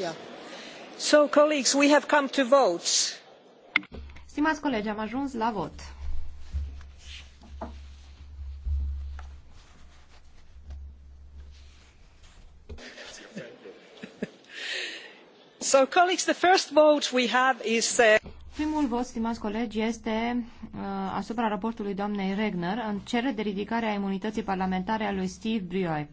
Yeah. Stimați colegi, am ajuns la vot. So, colleagues, the first vote we have is uh, Primul vot, stimați colegi, este uh, asupra raportului doamnei Regner în cerere de ridicare a imunității parlamentare a lui Steve Briois.